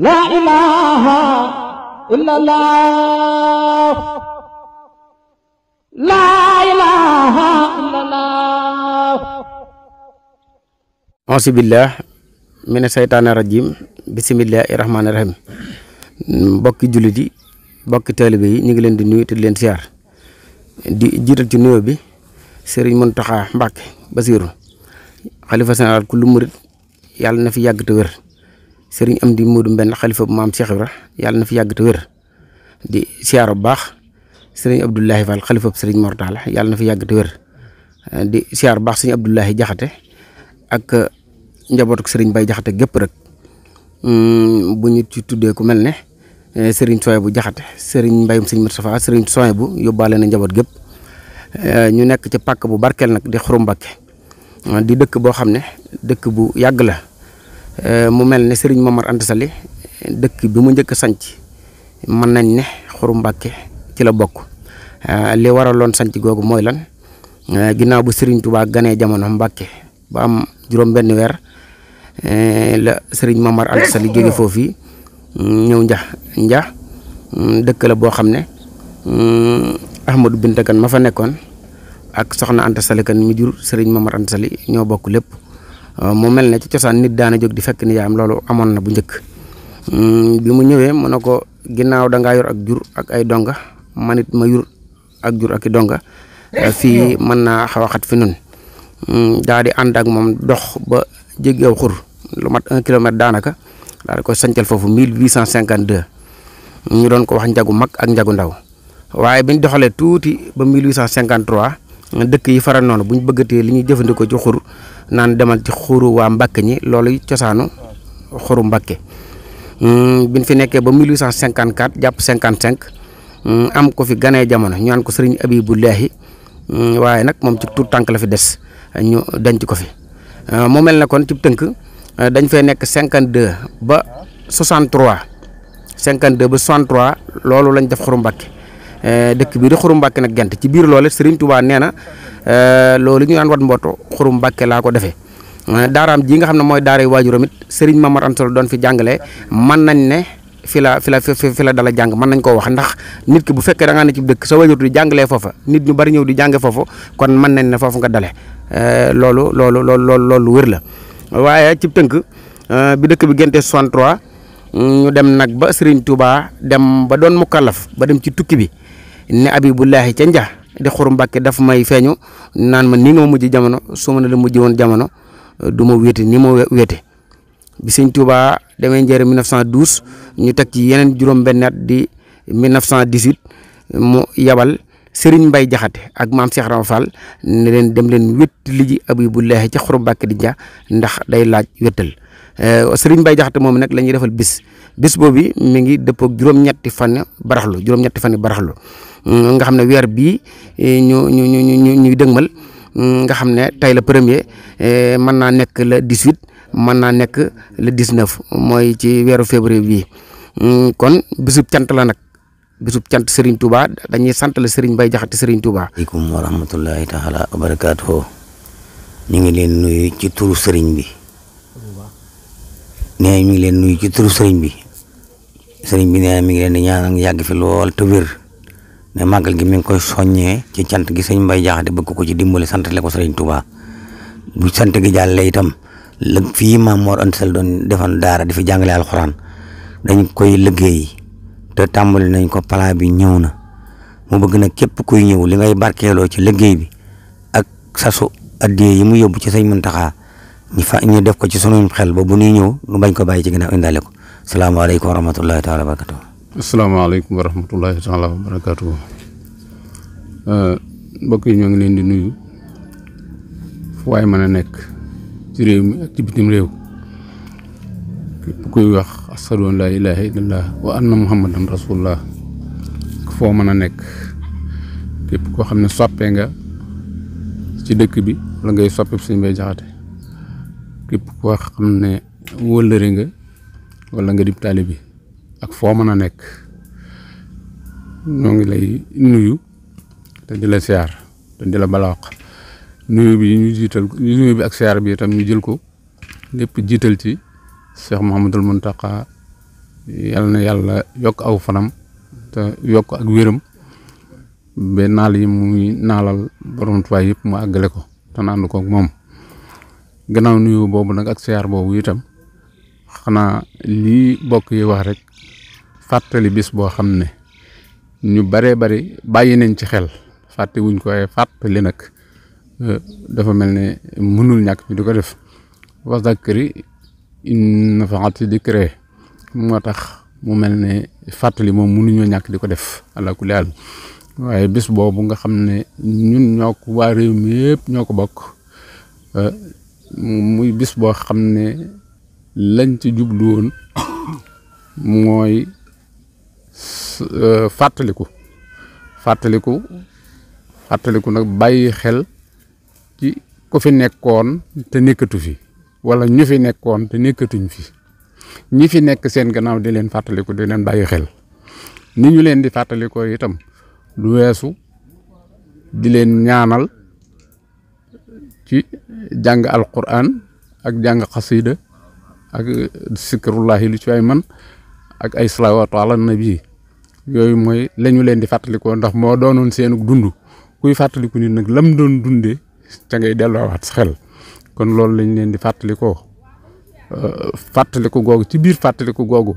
la ilaha illallah la ilaha illallah ansibillah mina seytaane rajim bisimillahi rahmaani rahim mbokki jullit yi mbokki taalibe yi ñu ngi leen di nuyu leen siyaar di jiital ci nuyoo bi sëriñ Muntaxa Mbàkke Basiiru xalifa général ku lu murit yàlla na fi yàgg wér sëriñ am di Modou Mbenn xalifa bu maam Cheikh Ibra yàlla na fi yàgg ta wér di siyaara bu baax sëriñ Abdoulahi Fall xalifa bu sëriñ Mortala yàlla na fi yàgg te wér di siyaar bu baax sëriñ Abdoulahi Jaxate ak eh, njabootu sëriñ Bay Jaxate gépp rek hmm, bu ñu ci tuddee ku mel ne eh, sëriñ Sooy bu Jaxate sëriñ mbay sëriñ Moustapha sëriñ Sooy bu yóbbaale na njaboot gépp eh, ñu nekk ci pàkk bu barkeel nag di Xuru Mbàkke di dëkk boo xam ne dëkk bu yàgg la Euh, mu mel ni sëriñ Momar Anta dëkk bi mu njëkk sañc sanc mën nañ ne Xuru Mbàkke ci la bokk euh, li waraloon sanc googu mooy lan euh, ginnaaw bu Serigne Touba ganee jamono Mbàkke ba am juróom benn weer la Serigne Momar Anta Sali jóge foofu ñëw njax njax dëkk la boo xam ne Ahmadou Binta Kan ma fa nekkoon ak soxna Anta Sali Kan mi jur Serigne Momar Anta Sali ñoo bokk lépp Euh, mu mel na ci cosaan nit daana jóg di fekk nijaayam loolu amoon na bu njëkk mm, bi mu ñëwee mu ne ko ginnaaw da ngaa yor ak jur ak ay donga man ma yur ak jur ak i donga euh, fii mën naa xaw a xat fi nun mm, daa di ànd ak moom dox ba jéggeew xur lu mat un kilomètre daanaka daal di ko sancal foofu 1852 ñu doon ko wax njagu mag ak njagu ndaw waaye biñ doxalee tuuti ba 1853 dëkk yi faral noonu buñ bëggatee li ñuy jëfandikoo ci xur naan demal ci xuru waa Mbàkke ñi loolu cosaanu xuru Mbàkke mm, biñ fi nekkee ba 1854 jàpp 55 mm, am ko fi ganee jamono ñu naan ko sëriñ Abibulaahi mm, waaye nag moom ci tuut tànk la fi des ñu denc ko fi euh, mu mel ne kon ci tënk euh, dañ fay nekk 52 ba 63 52 ba 63 loolu lañ def xuru Mbàkke Eh, dëkk bii di xurum Mbàkke nag gent ci biir loole Serigne Touba nee na eh, loolu ñu naan wat mbooto xurum Mbàkke laa ko defee eh, daaraam jii nga xam ne mooy daaray waajuram it Serigne Mamar Anta Sall doon fi jàngalee mën nañ ne fi la fi la fi la dala jàng mën nañ koo wax ndax nit ki bu fekkee da an ne ci dëkk sa waajur jàngalee foofa nit ñu bari ñëw di jànge foofu kon mën nañ ne foofu nga dale loolu loolu loolu loolu loolu wér la waaye ci tënk bi dëkk bi gente 63 mm, ñu dem nag ba Serigne Touba dem ba doon mukallaf ba dem ci tukki bi ne Abibullahi ca nja di xur Mbàkke daf may feeñu naan ma ni nga mujj jamono su ma ne la mujj woon jamono euh, du ma wéete ni ma wéete bi sëñ Tuubaa demee njëriñ 1912 ñu teg ci yeneen juróom-benn at di 1918 mu yabal Serigne Mbaye Jaxate ak maam Cheikh Rama ne leen dem leen wétti li ji Abibullahi ca xur Mbàkke di nja ndax day laaj wéttal euh, Serigne Mbaye Jaxate moom nag la ñuy defal bis bis boobu mi ngi dëppoo ak juróom-ñetti fan baraxlu juróom-ñetti fan baraxlu Mm, nga xam ne weer bii eh, ñu ñu ñu ñu ñuy dëgmal mm, nga xam ne tey la premier eh, mën naa nekk le dix huit mën naa nekk le dix neuf mooy ci weeru février bii mm, kon bisub cant la nag bisub cant Serigne Touba dañuy sant la Serigne Mbaye Diakhaté Serigne Touba. aleykum wa rahmatullahi taala wa barakaatuhu ñu ngi leen nuyu ci turu Serigne bi nee ñu ngi leen nuyu ci turu Serigne bi Serigne bi nee mi ngi leen di ñaanal yàgg fi lool te wér ne màggal gi mi ngi koy soññee ci cant gi sëñ Mbay Jaxate bëgg ko ci dimbali sant le ko sëriñ Touba bu sant gi jàllee itam lëg fii Maam Mor Anta doon defan daara di jàngale alxuraan dañ koy liggéey te tàmbali nañ ko pala bi ñëw na mu bëgg nag képp kuy ñëw li ngay barkeeloo ci liggéey bi ak sasu addiyee yi mu yóbbu ci sëñ Muntaxa ñu fa ñu def ko ci sunuñ xel ba bu ñuy ñëw nu bañ ko bàyyi ci ginnaaw indaale ko salaamaaleykum wa rahmatullahi taala wa asalaamaaleykum wa rahmatullahi taala barakaatu euh, mbokk yi ñoo ngi leen di nuyu fu waay mën a nekk ci réew mi ak ci réew képp kuy wax ashadu an laa ilaaha illallah wa anna muhammadan rasulullah foo mën a nekk képp koo xam ne soppee nga ci dëkk bi la ngay soppe Sëñ Mbay Jaxate képp koo xam ne wëllëre nga wala nga dib taalibe bi ak foo mën a nekk ñoo ngi lay nuyu te di la siyaar te di la balaax nuyu bi ñu jiital nuyu bi ak siyaar bi itam ñu jël ko lépp jiital ci Cheikh Mouhamadul Mountakha yal na yàlla yokk aw fanam te yokk ak wéram ba naal yi muy naalal borom tuwaay yëpp mu àggale ko te naandu ko moom gannaaw nuyu boobu nag ak siyaar boobu itam xanaa lii bokk yi wax rek. fàttali bis boo xam ne ñu baree bari bàyyi nañ ci xel fàtte wuñ koy fàttali nag euh, dafa mel ne mënul ñàkk ñu di ko def wasakri nafaati dikre moo tax mu mel ne fàttali moom mënuñoo ñàkk di ko def ala kulli haal waaye bis boobu nga xam ne ñun ñoo ko waa réew ñoo ko bokk euh, muy bis boo xam ne lañ ci jublu woon mooy Euh, fàttaliku fàttaliku mm. fàttaliku nag bàyyi xel ci ku fi nekkoon te nekkatu fi wala ñu fi nekkoon te nekkatuñ fi ñi fi nekk seen gannaaw di leen fàttaliku di leen bàyyi xel ni ñu leen di fàttalikoo itam lu weesu di leen ñaanal ci jàng alquran ak jàng xasida ak sikrullahi lu ci waay man ak ay salawaatu ala nabi yooyu mooy lañu leen di fàttalikoo ndax moo doonoon seenu dund kuy fàttaliku nit nag lam doon dundee ca ngay delloowaat sa xel kon loolu lañ leen di fàttalikoo euh, ko googu ci biir fàttaliku googu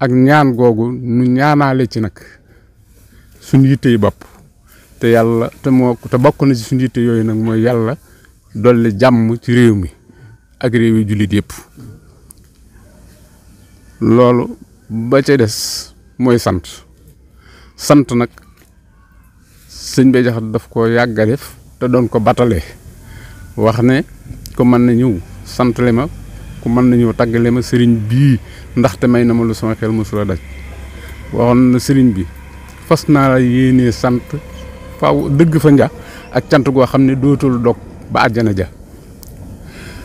ak ñaan googu nu ñaanaale ci nag suñu yitte yi bopp te yàlla te moo te bokk na ci suñu yooyu nag mooy yàlla dolli jàmm ci réew mi ak réew yi jullit yépp loolu ba ca des mooy sant sant nag sëñ Bay Jaxate daf ko yàgg a def te doon ko batale wax ne ku mën na ñëw santale ma ku mën na ñëw tàggale ma sëriñ bii ndaxte may na ma lu sama xel mosula daj waxoon na sëriñ bi fas naa la yéenee sant faaw dëgg fa nja ak cant goo xam ne dootul dog ba àjjana ja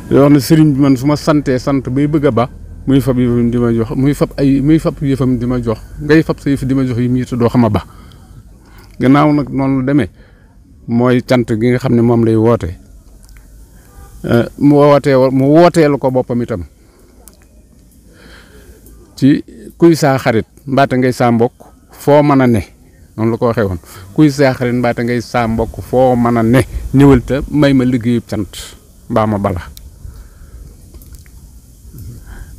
yoo xam ne sëriñ bi man su santee sant bay bëgg ba muy fab yëfam di ma jox muy fab ay muy fab yëfam di ma jox ngay fab sa yëf di ma jox yi mu yitte doo xam a ba gannaaw nag noonu deme mooy cant gi nga xam ne moom lay woote eh, mu wootee mu wooteel ko boppam itam ci kuy saa xarit mbaata ngay saa mbokk foo mën a ne noonu la ko waxee woon kuy saa xarit ngay saa mbokk foo mën a ne ñëwal may ma liggéeyub cant mbaa ma bala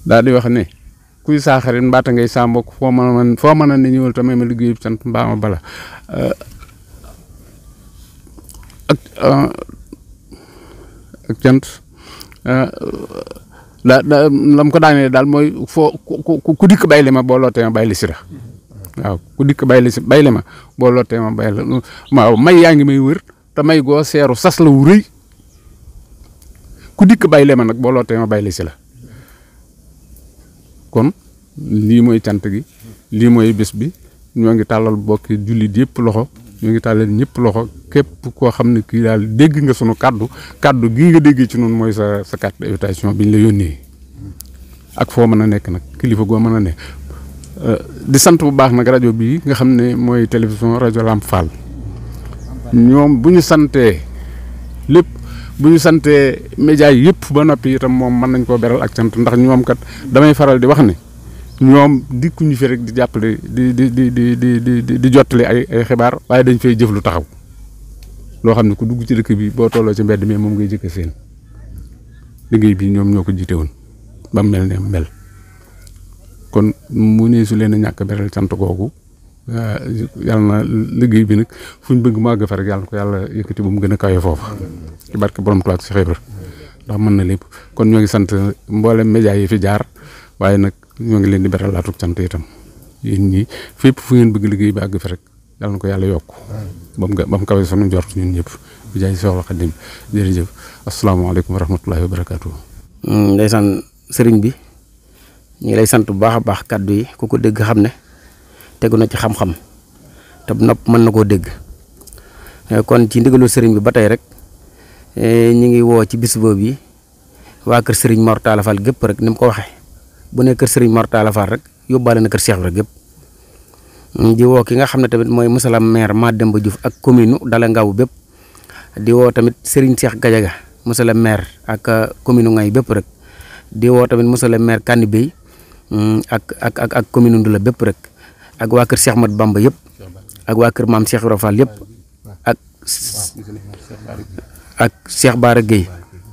daal di wax ne kuy saa xarit mbaata ngay saa mbokk foo mën a mën foo mën a ne ñëwal tamit ma liggéeyub cant da da la ko daanee daal mooy foo ku dikk bayle ma boo lootee ma bay li si la waaw may yaa ngi may wër te may goo seeru sas la wu ku dikk bay li ma nag boo lootee ma bay si la. kon lii mooy cant gi lii mooy bés bi ñoo ngi tàllal bokki jullit yëpp loxo ñoo ngi tàllal ñëpp loxo képp koo xam ne kii daal dégg nga sunu kàddu kàddu gi nga déggee ci noonu mooy sa sa carte d'invitation bi ñu la yónnee ak foo mën a nekk nag kilifa goo mën a ne euh, di sant bu baax nag rajo bii nga xam ne mooy télévision rajo Lamp Fall ñoom bu ñu santee lépp bu ñu santee médias yëpp ba noppi itam moom mën nañ koo beral ak sant ndax ñoom kat damay faral di wax ni ñoom dikkuñu fi rek di jàppale di di di di di di di jottali ay xibaar waaye dañ fay jëf lu taxaw loo xam ne ku dugg ci dëkk bi boo tolloo ci mbedd mi moom ngay jëkk seen liggéey bi ñoom ñoo ko jiite woon ba mel ne mel kon mu ne su leen ñàkk beral sant googu euh, yàlla na liggéey bi nag fu ñu bëgg mu àgg fa rek yàlla ko yàlla yëkkati ba mu gën a kawe foofu. ci barke borom Tuubaa si xeebër ndax mën na lépp kon ñoo ngi sant mboole média yi fi jaar waaye nag ñoo ngi leen di beral laatuk sant itam yéen ñi fépp fu ngeen bëgg liggéey bi àgg fi rek yàlla na ko yàlla yokk ba mu ba mu kawe sunu njort ñun ñëpp bi jaay soxla Xaadim jërëjëf asalaamaaleykum wa rahmatulahi wa barakaatu. Mm, sëriñ bi ñu ngi lay sant bu baax a baax kàddu yi ku ko dégg xam ne tegu na ci xam-xam te nopp mën na koo dégg eh, kon ci ndigalu sëriñ bi ba tey rek. Eh, ñu ngi woo ci bis boobu yi waa kër Serigne Mor Talla gépp rek ni mu ko waxee bu ne kër Serigne Mor Talla Fall rek yóbbaale na kër Cheikh Ibra gépp mm, di ki nga xam ne tamit mooy musalam maire Mademba Diouf ak commune Dala Ngaw bépp di woo tamit Serigne Cheikh Gadiaga musalam maire ak euh, commune Ngay bépp rek di woo tamit musalam maire Kani Bey mm, ak ak ak bépp rek ak waa kër seex Mat Bamba yëpp ak waa kër maam Cheikh Ibra Fall ak. ak Cheikh Baara Guèye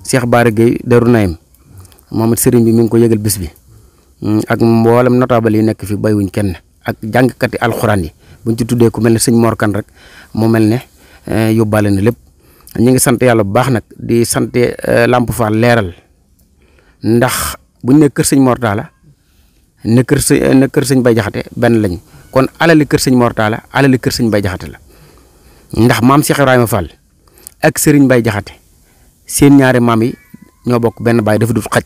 Cheikh Baara Guèye Darou Naim moom it bi mi ngi ko yëgal bis bi mm, ak mboolem notable yi nekk fi wuñ kenn ak jàngkati alxuraan yi buñ ci tuddee ku mel ni sëñ Mor kan rek moo mel ne eh, yóbbaale na lépp ñu ngi sant yàlla bu baax nag di sant eh, Lamp Fall leeral ndax buñ nekk kër sëñ Mor Talla ne kër sëñ sëñ Bay Jaxate benn lañ kon alali kër sëñ Mor Talla alali kër sëñ Bay Jaxate la ndax maam Cheikh Ibrahima Fall. ak Serigne bay Jaxate seen ñaari maam yi ñoo bokk benn baay dafa dut xaj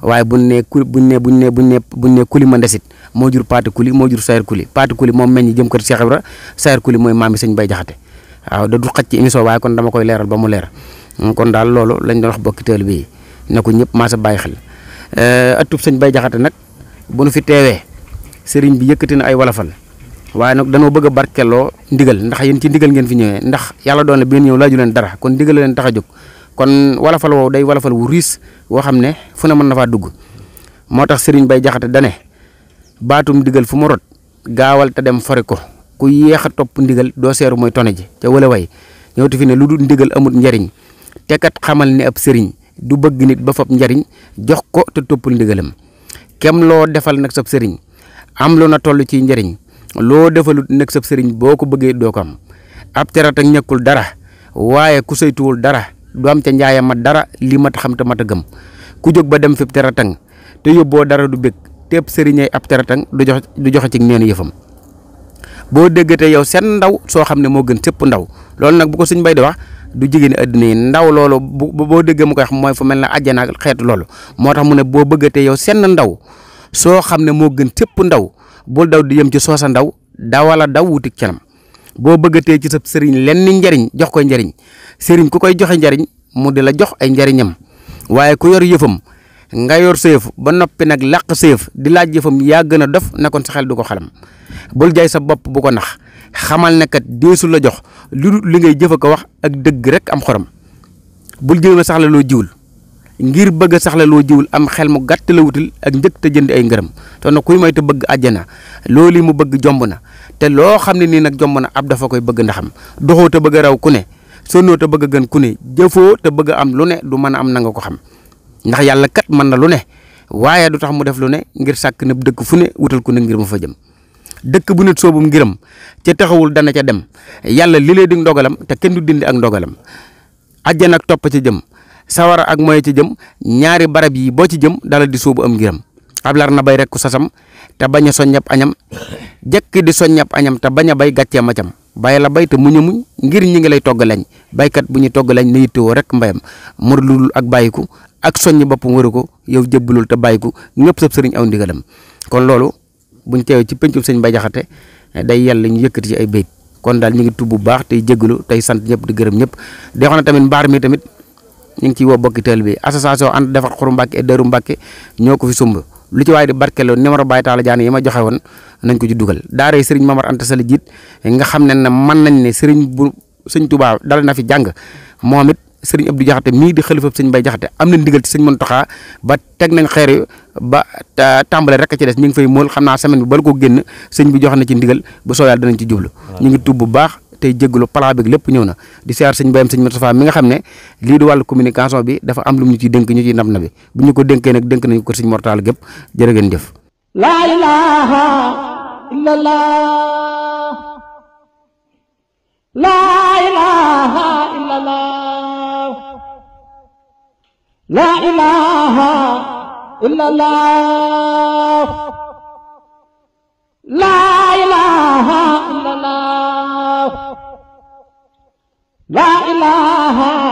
waaye buñ ne ku bu ne buñ ne buñ ne bu ne kuli ma ndesit moo jur paati kuli moo jur sayar kuli paati kuli moom meññ jëm kër Cheikh Ibra sayar kuli mooy maam yi Serigne Mbaye Jaxate waaw da dut xaj ci émission waaye kon dama koy leeral ba mu leer mm, kon daal loolu lañ doon wax bokki teel bi ne ko ñëpp maa sa bàyyi xel atub euh, Serigne bay Jaxate nag bu nu fi teewee Serigne bi yëkkati na ay walafal waaye nag dañoo bëgg a barkeloo ndigal ndax yéen ci ndigal ngeen fi ñëwee ndax yàlla doon na bi ngeen ñëw laaju leen dara kon ndigal leen tax a jóg kon walafal woowu day walafal wu riis woo xam ne fu ne mën na faa dugg moo tax Serigne Bay Jaxate dane baatum ndigal fu mu rot gaawal te dem fori ko ku yéex a topp ndigal doo seeru mooy tone ji ca wala way ñëwti fi ne lu dul ndigal amul njariñ te kat xamal ne ab sëriñ du bëgg nit ba fab njariñ jox ko te toppul ndigalam kem loo defal nag sab sëriñ am lu na toll ci njariñ loo defalu nag sab sëriñ boo ko bëggee doo ko am ab terata ñàkkul dara waaye ku saytuwul dara du am ca njaaya dara lii mat xam te mat gëm ku jóg ba dem fi teratang te yóbboo dara du bëgg tepp sëriñee ab teratang du jox du joxe ci neen yëfam boo déggatee yow seen ndaw soo xam ne moo gën sëpp ndaw loolu nag bu ko suñ bay di du jigéen àddina ndaw loolu bu boo déggee mu koy wax mooy fu mel ne àjjana xeetu loolu moo tax mu ne boo bëggatee yow seen ndaw soo xam ne moo gën sëpp ndaw bul daw di yem ci soosa ndaw dawala daw wutik canam boo bëggatee ci sa sëriñ lenn njariñ jox ko njariñ sëriñ ku koy joxe njariñ mu di la jox ay njariñam waaye ku yor yëfam nga yor seef ba noppi nag làq seef di laaj yëfam yaa gën a dof na kon sa xel du ko xalam bul jaay sa bopp bu ko nax xamal ne kat deesu la jox lu li ngay jëfa ko wax ak dëgg rek am xorom bul jëw saxla loo jiwul ngir bëgg a saxla loo jiwul am xel mu gàtt la wutil ak njëkk te jënd ay ngërëm te na kuy may te bëgg àjjana loolu mu bëgg jomb na te loo xam ne nii nag jomb na ab dafa koy bëgg ndaxam doxo ta bëgg a ku ne sonnoo te bëgg a gën ku ne jëfoo te bëgg am lu ne du mën a am nanga ko xam ndax yàlla kat mën na lu ne waaye du tax mu def lu ne ngir sàkk na dëkk fu ne wutal ku ne ngir mu fa jëm dëkk bu nit soobum ngiram ca taxawul dana ca dem yàlla li lee di ndogalam te kenn du dindi ak ndogalam àjjana ak topp ca jëm sawara ak moye ci jëm ñaari barab yi boo ci jëm dala di sóobu am ngiram ablar na bay rek ku sasam te bañ a soññab añam jëkk di soññab añam te bañ a bay gàccee macam bàyyi la bay te muñ a muñ ngir ñi ngi lay togg lañ baykat bu ñu togg lañ na yittewoo rek mbayam mur lulul ak bàyyiku ak soññ boppam waru ko yow jëbbalul te bàyyiku ñëpp sab sëriñ aw ndigalam kon loolu buñ teewee ci pencum sëñ Mbay Jaxate day yàlla ñu yëkkati ci ay béyt kon daal ñu ngi tubb bu baax tey jégalu tey sant ñëpp di gërëm ñëpp ñu ngi ciy woo bokki teel bi association ànd defar xuru Mbàkke et dëru Mbàkke ñoo ko fi sumb lu ci waaye di barkeeloo numéro Baye Talla Diagne yi ma joxe woon nañ ko ci dugal daara yi Serigne Mamar Anta Sall jiit nga xam ne ne man nañ ne Serigne bu Sëñ Touba dal na fi jàng moom it Serigne Abdou Diakhaté mii di xalifa Sëñ Bay Diakhaté am na ndigal ci Sëñ Mountakha ba teg nañ xeer ba tàmbale rek a ci des ñu ngi fey mool xam naa semaine bi bal koo génn sëñ bi jo na ci ndigal ba soo yàlla danañ ci jublu tey jégalu plan bi lépp ñëw na di siyaar sëñ Bayam sëñ Moustapha mi nga xam ne lii di wàllu communication bi dafa am lu mu ñu ciy dénk ñu ciy nam na bi bu ñu ko dénkee nag dénk nañu ko sëñ Mortaal gépp jërë ngeen jëf laa ilaaha